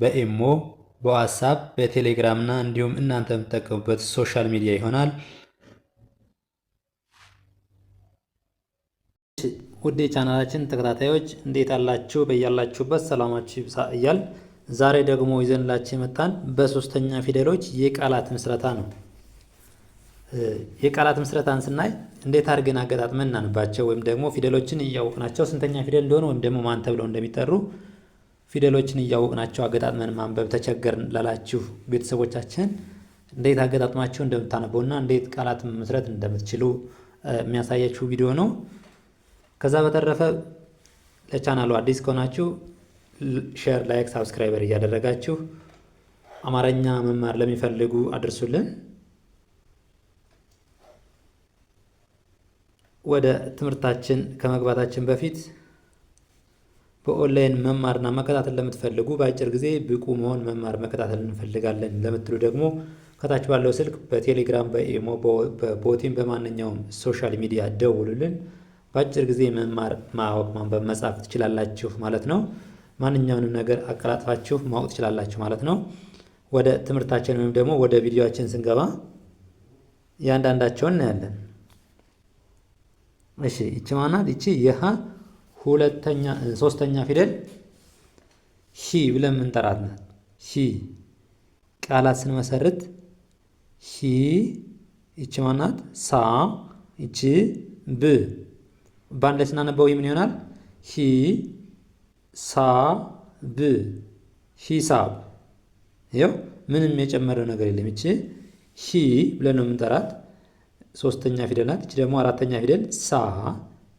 በኤሞ በዋትሳፕ በቴሌግራም እና እንዲሁም እናንተ የምትጠቀሙበት ሶሻል ሚዲያ ይሆናል። ውድ የቻናላችን ተከታታዮች እንዴት አላችሁ? በያላችሁበት ሰላማችሁ ይብዛ እያል ዛሬ ደግሞ ይዘንላችሁ የመጣን በሶስተኛ ፊደሎች የቃላት ምስረታ ነው። የቃላት ምስረታን ስናይ እንዴት አድርገን አገጣጥመን እናንባቸው ወይም ደግሞ ፊደሎችን እያወቅናቸው ስንተኛ ፊደል እንደሆነ ወይም ደግሞ ማን ተብለው እንደሚጠሩ ፊደሎችን እያወቅናቸው አገጣጥመን ማንበብ ተቸገርን ላላችሁ ቤተሰቦቻችን እንዴት አገጣጥማችሁ እንደምታነበውና እንዴት ቃላት መመስረት እንደምትችሉ የሚያሳያችሁ ቪዲዮ ነው። ከዛ በተረፈ ለቻናሉ አዲስ ከሆናችሁ ሼር፣ ላይክ፣ ሳብስክራይበር እያደረጋችሁ አማርኛ መማር ለሚፈልጉ አድርሱልን። ወደ ትምህርታችን ከመግባታችን በፊት በኦንላይን መማርና መከታተል ለምትፈልጉ በአጭር ጊዜ ብቁ መሆን መማር መከታተል እንፈልጋለን ለምትሉ ደግሞ ከታች ባለው ስልክ በቴሌግራም በኢሞ በቦቲም በማንኛውም ሶሻል ሚዲያ ደውሉልን። በአጭር ጊዜ መማር፣ ማወቅ፣ ማንበብ፣ መጻፍ ትችላላችሁ ማለት ነው። ማንኛውንም ነገር አቀላጥፋችሁ ማወቅ ትችላላችሁ ማለት ነው። ወደ ትምህርታችን ወይም ደግሞ ወደ ቪዲዮችን ስንገባ እያንዳንዳቸውን እናያለን። እሺ ይቺ ማናት? ይቺ የሃ ሁለተኛ ሶስተኛ ፊደል ሺ ብለን የምንጠራት ናት። ሺ ቃላት ስንመሰርት ሺ ይቺ ማናት? ሳ ይቺ ብ በአንድ ላይ ስናነበው ምን ይሆናል? ሂ ሳ ብ ሂሳብ። ይኸው ምንም የጨመረው ነገር የለም። ይቺ ሂ ብለን ነው የምንጠራት ሶስተኛ ፊደል ናት። ይቺ ደግሞ አራተኛ ፊደል ሳ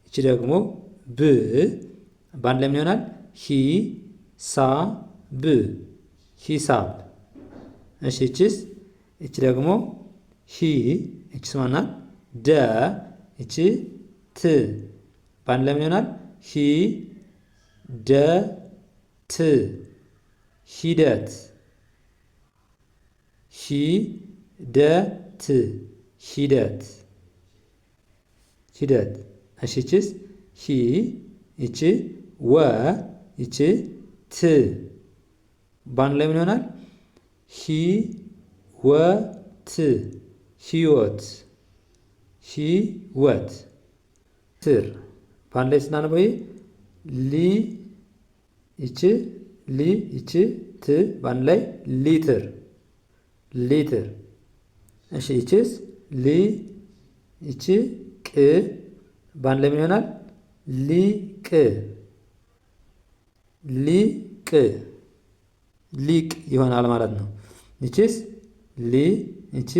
ይቺ ደግሞ ብ በአንድ ላይ ምን ይሆናል? ሂሳብ ሂሳብ። እሺ እችስ እች ደግሞ ሂ እች ስማናት ደ እች ት በአንድ ላይ ምን ይሆናል? ሂ ደ ት ሂደት ሂ ደ ት ሂደት ሂደት። እሺ እችስ ሂ ይቺ ወ ይቺ ት በአንድ ላይ ምን ይሆናል? ሂ ወ ት ህይወት ህይወት ትር በአንድ ላይ ስናነበው ሊ ይቺ ሊ ይቺ ት በአንድ ላይ ሊትር ሊትር። እሺ ይቺስ ሊ ይቺ ቅ በአንድ ላይ ምን ይሆናል? ሊቅ ሊቅ ሊቅ ይሆናል ማለት ነው። ይቺስ ሊ ይቺ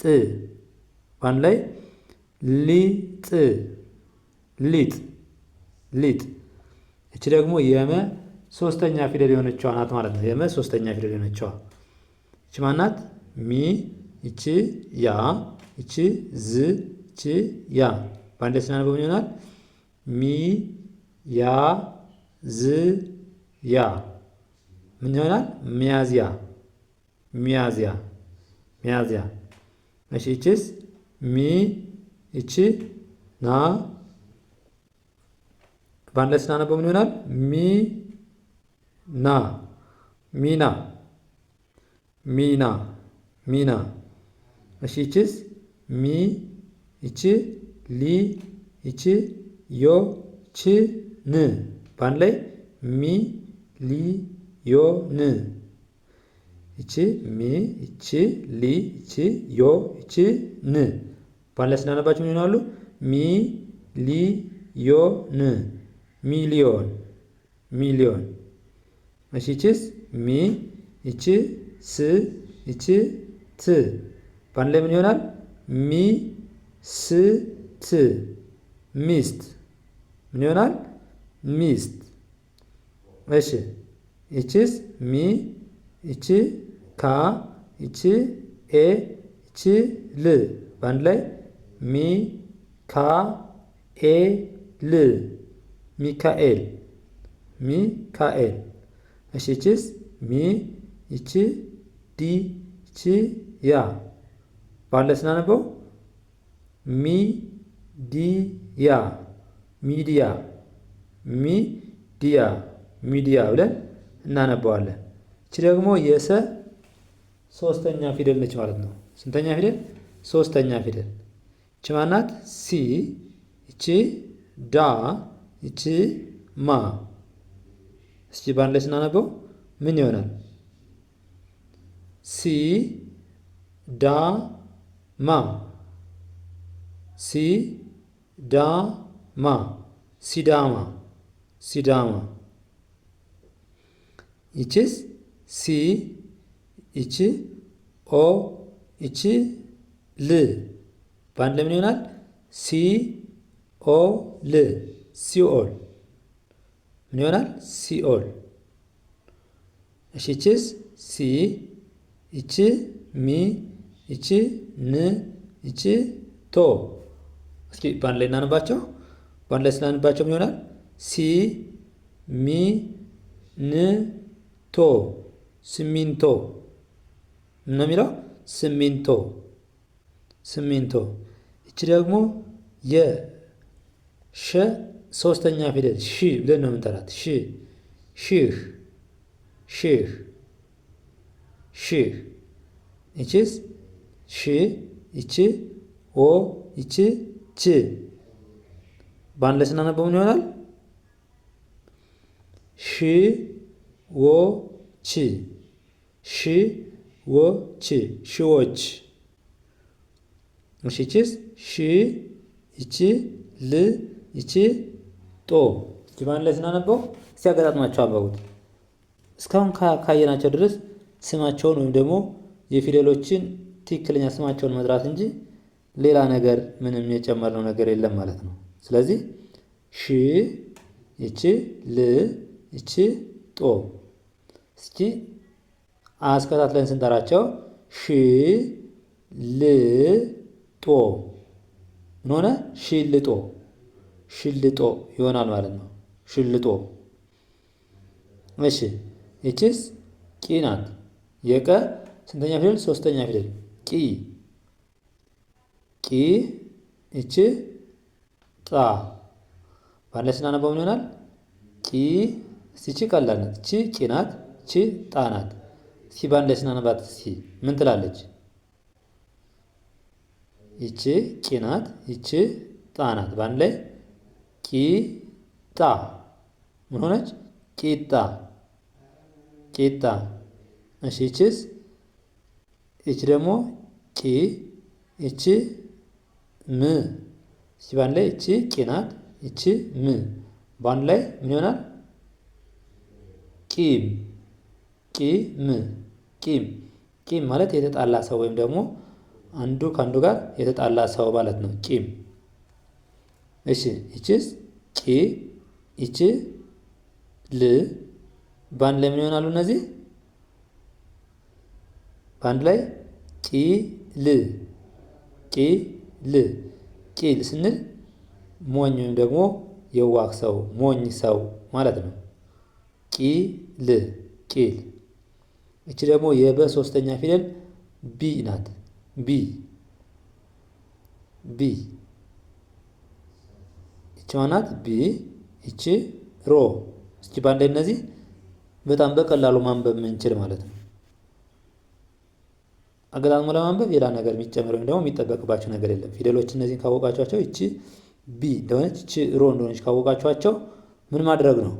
ጥ ባንድ ላይ ሊጥ ሊጥ ሊጥ ይቺ ደግሞ የመ ሶስተኛ ፊደል የሆነችዋ ናት ማለት ነው። የመ ሶስተኛ ፊደል የሆነችዋ ይቺ ማናት? ሚ ይቺ ያ ይቺ ዝ ይቺ ያ ባንድ ላይ ስናነበው ይሆናል ሚ ያ ዝ ያ ምን ይሆናል? ሚያዝያ ሚያዝያ ሚያዝያ። እሺ እቺስ ሚ እቺ ና በአንድ ላይ ስናነበው ምን ይሆናል? ሚ ና ሚና ሚና ሚና። እሺ እቺስ ሚ እቺ ሊ ይቺ ዮ ች ን በአንድ ላይ ሚ ሊ ዮ ን ይቺ ሚ ይቺ ሊ ይቺ ዮ ይቺ ን በአንድ ላይ ስናነባቸው ምን ይሆናሉ? ን ሚሊዮን ሚሊዮን። እሺ ይቺስ ሚ ይቺ ስ ይቺ ት ባንድ ላይ ምን ይሆናል? ሚ ሚስት ሚስት ምን ይሆናል? ሚስት። እሺ ይቺስ ሚ፣ ይቺ ካ፣ ይቺ ኤ፣ ይቺ ል በአንድ ላይ ሚ ካ ኤ ል ሚካኤል ሚካኤል። እሺ ይቺስ ሚ፣ ይቺ ዲ፣ ይቺ ያ በአንድ ላይ ስናነበው ሚዲያ ሚዲያ ሚዲያ ሚዲያ ብለን እናነባዋለን። እቺ ደግሞ የሰ ሶስተኛ ፊደል ነች ማለት ነው። ስንተኛ ፊደል? ሶስተኛ ፊደል። እቺ ማናት? ሲ። እቺ ዳ። እቺ ማ። እስኪ ባንድ ላይ ስናነበው ምን ይሆናል? ሲ ዳ ማ ሲ ዳ ma, Sidama, Sidama. It is C, içi, o, içi, l. በአንድ ለምን ይሆናል? ሲ ኦ ል ሲኦል ምን ይሆናል? ሲኦል። እሺ ይቺስ ሲ ይቺ ሚ ይቺ ን ይቺ ቶ። እስኪ በአንድ ላይ እናንባቸው። በአንድ ላይ ስናንባቸው ምን ይሆናል? ሲ ሚ ን ቶ ስሚንቶ ነው የሚለው ስሚንቶ ስሚንቶ። እቺ ደግሞ የሸ ሶስተኛ ፊደል ሺ ብለን ነው የምንጠራት። ሺ ሺህ ሺህ ሺህ። እቺስ ሺ ይቺ ኦ ይቺ ቺ በአንድ ላይ ስናነበው ምን ይሆናል? ወ ቺ ሽዎች። እሺ ይቺስ ሺ ይቺ ል ይቺ ጦ እቺ በአንድ ላይ ስናነበው እስቲ አገጣጥማቸው አንበቡት። እስካሁን ካየናቸው ድረስ ስማቸውን ወይም ደግሞ የፊደሎችን ትክክለኛ ስማቸውን መጥራት እንጂ ሌላ ነገር ምንም የጨመርነው ነገር የለም ማለት ነው። ስለዚህ ሺ እቺ ል እቺ ጦ እስኪ አስከታትለን ስንጠራቸው ሺ ል ጦ ምን ሆነ? ሽልጦ ሽልጦ ይሆናል ማለት ነው። ሽልጦ እሺ። እቺስ ቂ ናት። የቀ ስንተኛ ፊደል? ሶስተኛ ፊደል ቂ ቂ እቺ ጣ ባለ ስናነበው ምን ይሆናል? ቂ ሲቺ ቀላል ቺ ቂ ናት። ቺ ጣ ናት። ሲ ባንድ ስናነባት ሲ ምን ትላለች? ይቺ ቂ ናት። ይቺ ጣ ናት። ባንድ ላይ ቂ ጣ ምን ሆነች? ቂጣ ቂጣ። እሺ ይቺስ? ይቺ ደግሞ ቂ ይቺ ም እዚህ በአንድ ላይ እቺ ቂ ናት፣ እቺ ም በአንድ ላይ ምን ይሆናል? ቂም ቂም ቂም ቂም ማለት የተጣላ ሰው ወይም ደግሞ አንዱ ከአንዱ ጋር የተጣላ ሰው ማለት ነው። ቂም እሺ፣ ይቺስ ቂ ይቺ ል በአንድ ላይ ምን ይሆናሉ እነዚህ? በአንድ ላይ ቂ ል ቂ ል ቂል ስንል ሞኝ ወይም ደግሞ የዋህ ሰው ሞኝ ሰው ማለት ነው። ቂል ቂል። እቺ ደግሞ የበ ሶስተኛ ፊደል ቢ ናት። ቢ ቢ እቺ ማናት? ቢ እቺ ሮ። እስኪ በአንድ እነዚህ በጣም በቀላሉ ማንበብ የምንችል ማለት ነው። አገጣጥሞ ለማንበብ ሌላ ነገር የሚጨምር ወይም ደግሞ የሚጠበቅባቸው ነገር የለም። ፊደሎች እነዚህን ካወቃቸኋቸው እቺ ቢ እንደሆነች እቺ ሮ እንደሆነች ካወቃቸኋቸው ምን ማድረግ ነው?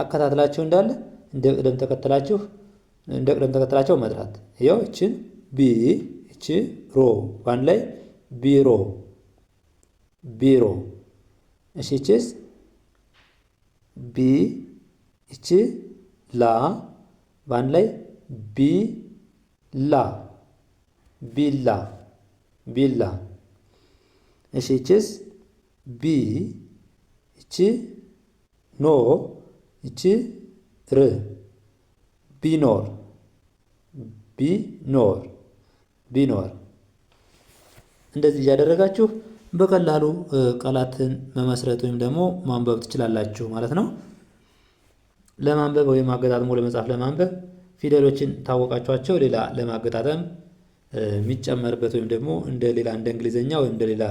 አከታትላቸው እንዳለ እንደ ቅደም ተከተላችሁ እንደ ቅደም ተከተላቸው መጥራት። ያው እችን ቢ እቺ ሮ በአንድ ላይ ቢሮ ቢሮ። እሺ እቺስ ቢ እቺ ላ በአንድ ላይ ቢ ላ ቢላ ቢላ። እሺ እቺስ ቢ እቺ ኖ ይቺ ር ቢኖር ቢኖር ቢኖር። እንደዚህ እያደረጋችሁ በቀላሉ ቃላትን መመስረት ወይም ደግሞ ማንበብ ትችላላችሁ ማለት ነው። ለማንበብ ወይም አገጣጥሞ ለመጻፍ ለማንበብ ፊደሎችን ታወቃቸኋቸው ሌላ ለማገጣጠም የሚጨመርበት ወይም ደግሞ እንደ ሌላ እንደ እንግሊዝኛ ወይም እንደ ሌላ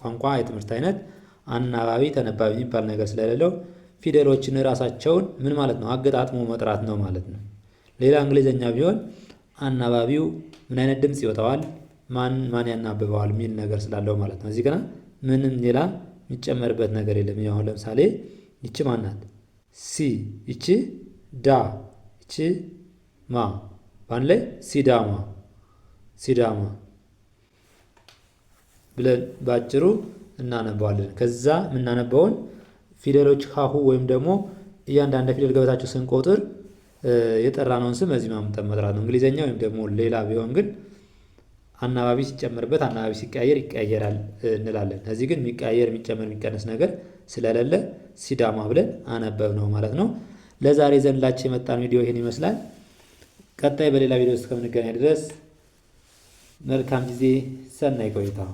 ቋንቋ የትምህርት አይነት አናባቢ ተነባቢ የሚባል ነገር ስለሌለው ፊደሎችን ራሳቸውን ምን ማለት ነው አገጣጥሞ መጥራት ነው ማለት ነው። ሌላ እንግሊዝኛ ቢሆን አናባቢው ምን አይነት ድምፅ ይወጣዋል፣ ማን ማን ያናብበዋል የሚል ነገር ስላለው ማለት ነው። እዚህ ገና ምንም ሌላ የሚጨመርበት ነገር የለም። አሁን ለምሳሌ ይቺ ማናት? ሲ ይቺ ዳ ማ በአንድ ላይ ሲዳማ ሲዳማ ብለን ባጭሩ እናነባዋለን። ከዛ የምናነባውን ፊደሎች ሀሁ ወይም ደግሞ እያንዳንድ ፊደል ገበታቸው ስንቆጥር የጠራነውን ስም እዚህ ማምጠን መጥራት ነው። እንግሊዘኛ ወይም ደግሞ ሌላ ቢሆን ግን አናባቢ ሲጨመርበት አናባቢ ሲቀያየር ይቀያየራል እንላለን። እዚህ ግን የሚቀያየር የሚጨመር የሚቀነስ ነገር ስለሌለ ሲዳማ ብለን አነበብ ነው ማለት ነው። ለዛሬ ዘንላችሁ የመጣን ቪዲዮ ይህን ይመስላል። ቀጣይ በሌላ ቪዲዮ እስከምንገናኝ ድረስ መልካም ጊዜ፣ ሰናይ ቆይታ